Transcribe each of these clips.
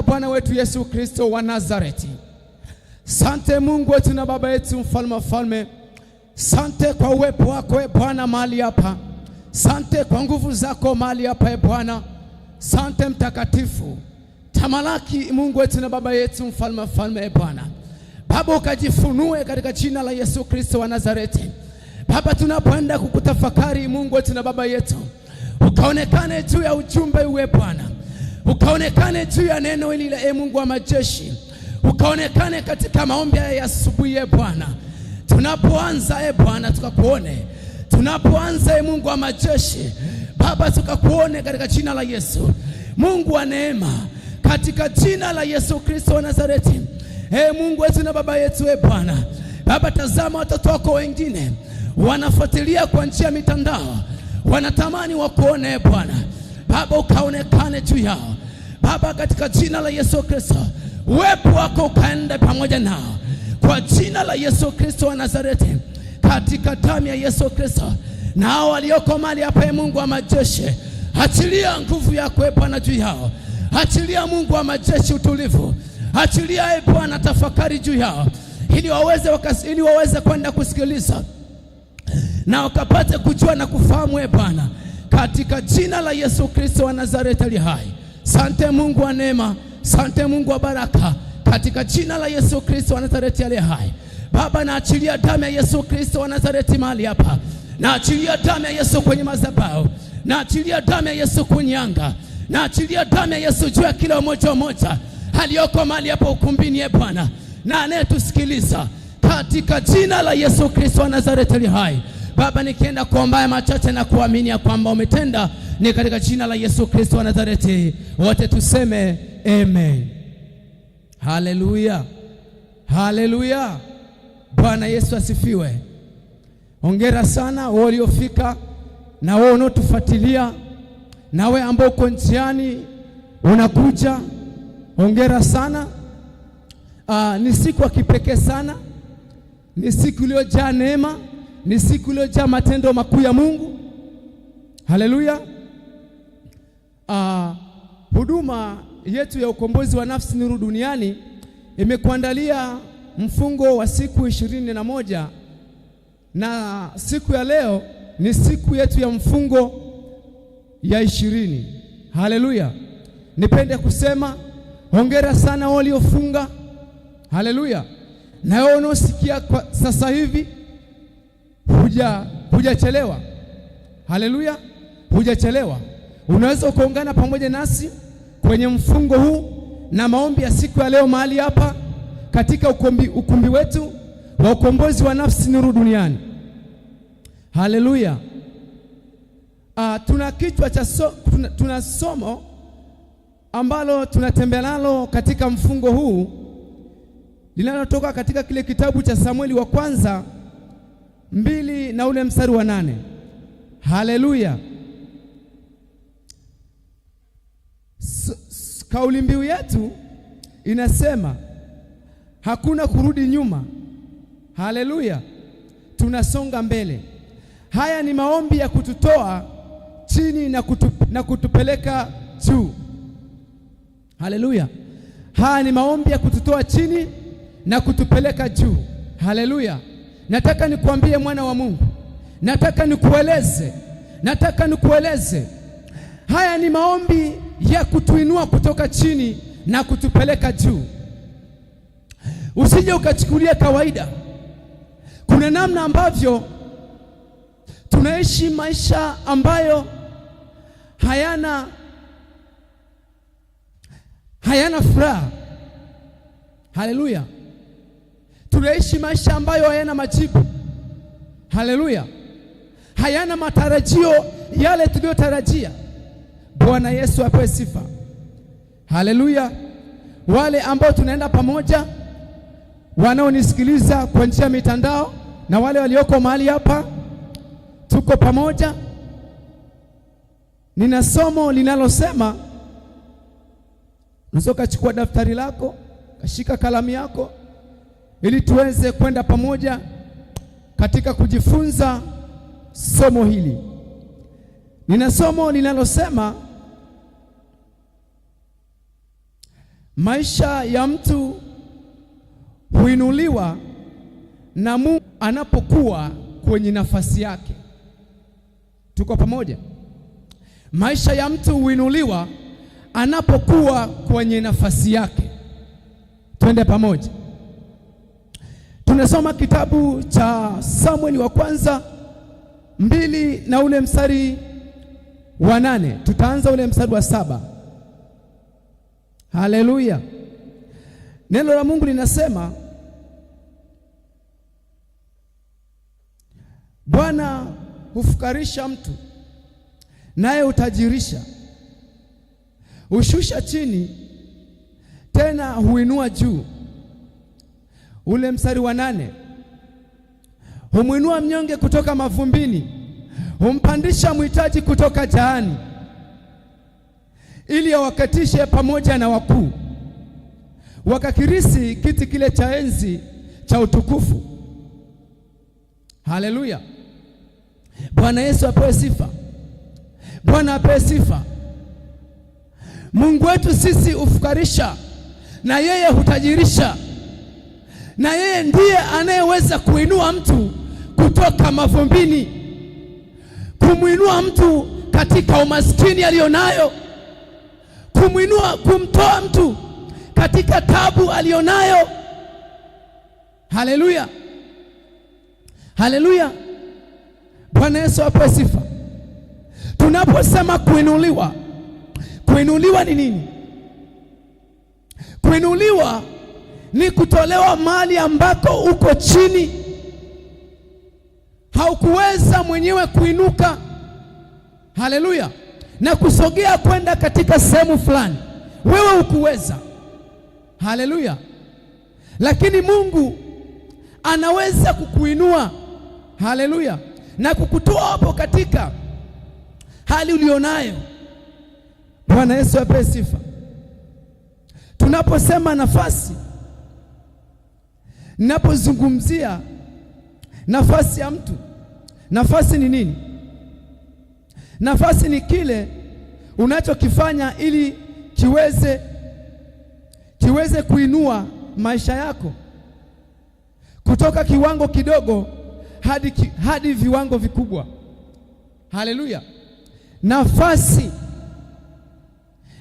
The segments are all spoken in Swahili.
la Bwana wetu Yesu Kristo wa Nazareti. Sante Mungu wetu na Baba yetu, mfalme falme, sante kwa uwepo wako e Bwana mahali hapa, sante kwa nguvu zako mahali hapa e Bwana, sante mtakatifu tamalaki, Mungu wetu na Baba yetu, mfalme falme, e Bwana Baba, ukajifunue katika jina la Yesu Kristo wa Nazareti. Baba, tunapoenda kukutafakari Mungu wetu na Baba yetu, ukaonekane juu ya ujumbe uwe Bwana ukaonekane juu ya neno hili la e Mungu wa majeshi, ukaonekane katika maombi haya ya asubuhi. E Bwana, tunapoanza e Bwana tukakuone, tunapoanza e Mungu wa majeshi Baba tukakuone katika jina la Yesu, Mungu wa neema, katika jina la Yesu Kristo wa Nazareti. E Mungu wetu na baba yetu, e Bwana Baba, tazama watoto wako wengine wanafuatilia kwa njia ya mitandao, wanatamani wakuone e Bwana Baba ukaonekane juu yao Baba, katika jina la Yesu Kristo, uwepo wako ukaenda pamoja nao kwa jina la Yesu Kristo wa Nazareti, katika damu ya Yesu Kristo. Nao walioko mali hapa, ye ee Mungu wa majeshi, achilia nguvu yako e Bwana juu yao, achilia Mungu wa majeshi utulivu, achilia e Bwana tafakari juu yao, ili waweze ili waweze kwenda kusikiliza na wakapate kujua na kufahamu e Bwana katika jina la Yesu Kristo wa Nazareti ali hai. Sante Mungu wa neema, sante Mungu wa baraka, katika jina la Yesu Kristo wa Nazareti ali hai. Baba, naachilia damu ya Yesu Kristo wa Nazareti mahali hapa, naachilia damu ya Yesu kwenye madhabahu, naachilia damu ya Yesu kwenye anga, naachilia damu ya Yesu juu ya kila mmoja mmoja aliyoko mahali hapa ukumbini, ye ee Bwana, na anayetusikiliza katika jina la Yesu Kristo wa Nazareti ali hai. Baba, nikienda kwa mbaya machache na kuamini ya kwamba umetenda, ni katika jina la Yesu Kristo wa Nazareti, wote tuseme amen. Haleluya, haleluya, Bwana Yesu asifiwe. Hongera sana wewe uliofika na wewe unaotufuatilia na wewe ambao uko njiani unakuja, hongera sana. Aa, ah, ni siku ya kipekee sana, ni siku iliyojaa neema ni siku iliyojaa matendo makuu ya Mungu. Haleluya! Ah, huduma yetu ya ukombozi wa nafsi Nuru Duniani imekuandalia mfungo wa siku ishirini na moja na siku ya leo ni siku yetu ya mfungo ya ishirini. Haleluya! Nipende kusema hongera sana waliofunga. Haleluya! na wewe unaosikia kwa sasa hivi huja hujachelewa. Haleluya, hujachelewa. Unaweza ukaungana pamoja nasi kwenye mfungo huu na maombi ya siku ya leo mahali hapa katika ukumbi, ukumbi wetu wa ukombozi wa nafsi nuru duniani. Haleluya. Ah, tuna kichwa cha so, tuna, tuna somo ambalo tunatembea nalo katika mfungo huu linalotoka katika kile kitabu cha Samueli wa kwanza na ule mstari wa nane. Haleluya! Kauli mbiu yetu inasema hakuna kurudi nyuma. Haleluya, tunasonga mbele. Haya ni maombi ya kututoa chini na, kutup, na kutupeleka juu. Haleluya, haya ni maombi ya kututoa chini na kutupeleka juu. Haleluya. Nataka nikuambie mwana wa Mungu, nataka nikueleze, nataka nikueleze, haya ni maombi ya kutuinua kutoka chini na kutupeleka juu. Usije ukachukulia kawaida. Kuna namna ambavyo tunaishi maisha ambayo hayana hayana furaha. Haleluya! tunaishi maisha ambayo hayana majibu. Haleluya, hayana matarajio yale tuliyotarajia. Bwana Yesu apewe sifa. Haleluya, wale ambao tunaenda pamoja, wanaonisikiliza kwa njia ya mitandao na wale walioko mahali hapa, tuko pamoja. Nina somo linalosema, unaweza ukachukua daftari lako, kashika kalamu yako ili tuweze kwenda pamoja katika kujifunza somo hili. Nina somo linalosema maisha ya mtu huinuliwa na Mungu anapokuwa kwenye nafasi yake. Tuko pamoja? Maisha ya mtu huinuliwa anapokuwa kwenye nafasi yake. Twende pamoja. Tunasoma kitabu cha Samueli wa kwanza mbili na ule mstari wa nane. Tutaanza ule mstari wa saba. Haleluya! Neno la Mungu linasema Bwana hufukarisha mtu naye hutajirisha, hushusha chini tena huinua juu ule mstari wa nane humwinua mnyonge kutoka mavumbini, humpandisha mhitaji kutoka jaani, ili awakatishe pamoja na wakuu, wakakirisi kiti kile cha enzi cha utukufu. Haleluya! Bwana Yesu apewe sifa, Bwana apewe sifa. Mungu wetu sisi hufukarisha na yeye hutajirisha na yeye ndiye anayeweza kuinua mtu kutoka mavumbini, kumwinua mtu katika umaskini aliyonayo, kumwinua, kumtoa mtu katika tabu aliyonayo. Haleluya, haleluya! Bwana Yesu ape sifa. Tunaposema kuinuliwa, kuinuliwa ni nini? Kuinuliwa ni kutolewa mali ambako uko chini, haukuweza mwenyewe kuinuka. Haleluya! na kusogea kwenda katika sehemu fulani, wewe hukuweza. Haleluya! lakini Mungu anaweza kukuinua, haleluya, na kukutoa hapo katika hali ulionayo. Bwana Yesu apewe sifa. Tunaposema nafasi Ninapozungumzia nafasi ya mtu, nafasi ni nini? Nafasi ni kile unachokifanya ili kiweze kiweze kuinua maisha yako kutoka kiwango kidogo hadi, ki, hadi viwango vikubwa. Haleluya! Nafasi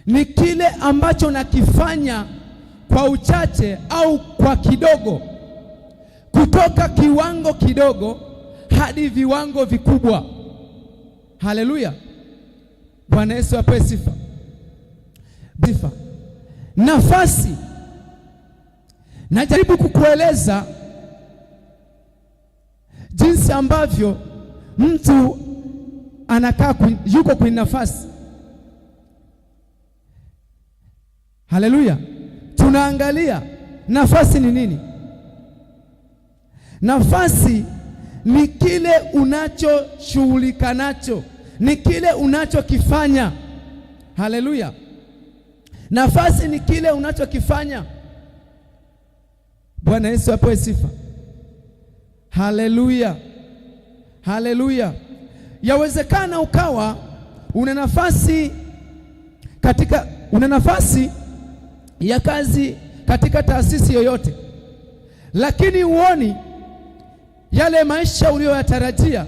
ni kile ambacho nakifanya kwa uchache au kwa kidogo kutoka kiwango kidogo hadi viwango vikubwa. Haleluya, Bwana Yesu apewe sifa. Sifa nafasi. Najaribu kukueleza jinsi ambavyo mtu anakaa yuko kwenye nafasi. Haleluya, tunaangalia nafasi ni nini. Nafasi ni kile unachoshughulika nacho, ni kile unachokifanya. Haleluya! Nafasi ni kile unachokifanya. Bwana Yesu apewe sifa. Haleluya, haleluya. Yawezekana ukawa una nafasi katika, una nafasi ya kazi katika taasisi yoyote, lakini huoni yale maisha uliyoyatarajia,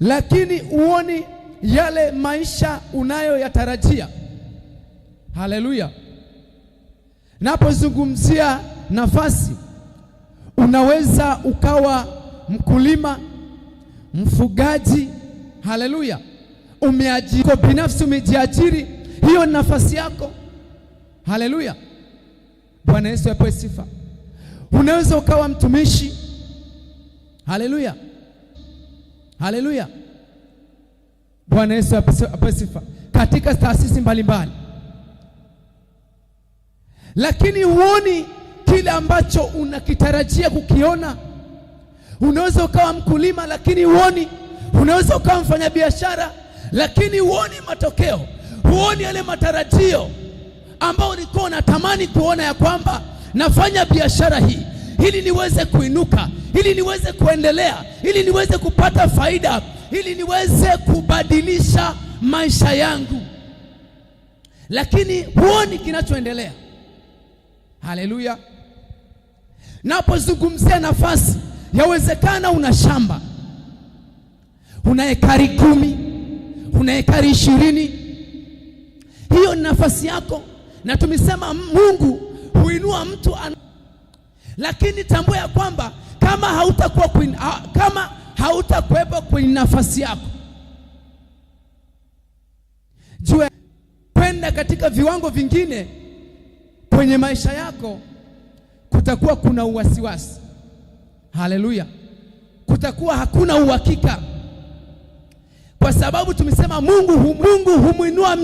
lakini uoni yale maisha unayoyatarajia. Haleluya! Napozungumzia nafasi, unaweza ukawa mkulima, mfugaji. Haleluya! Umeajiri kwa binafsi, umejiajiri, hiyo nafasi yako. Haleluya! Bwana Yesu apewe sifa. Unaweza ukawa mtumishi. Haleluya, haleluya, Bwana Yesu apewe sifa, katika taasisi mbalimbali, lakini huoni kile ambacho unakitarajia kukiona. Unaweza ukawa mkulima, lakini huoni. Unaweza ukawa mfanyabiashara, lakini huoni matokeo, huoni yale matarajio ambayo ulikuwa unatamani kuona ya kwamba nafanya biashara hii ili niweze kuinuka, ili niweze kuendelea, ili niweze kupata faida, ili niweze kubadilisha maisha yangu, lakini huoni kinachoendelea. Haleluya! Napozungumzia nafasi, yawezekana una shamba, una ekari kumi, una ekari ishirini. Hiyo ni nafasi yako, na tumesema Mungu kuinua mtu an... lakini tambua ya kwamba kama hautakuwa kuin... kama hautakuwepo kwenye nafasi yako, jua kwenda katika viwango vingine kwenye maisha yako, kutakuwa kuna uwasiwasi. Haleluya, kutakuwa hakuna uhakika, kwa sababu tumesema Mungu, Mungu humwinua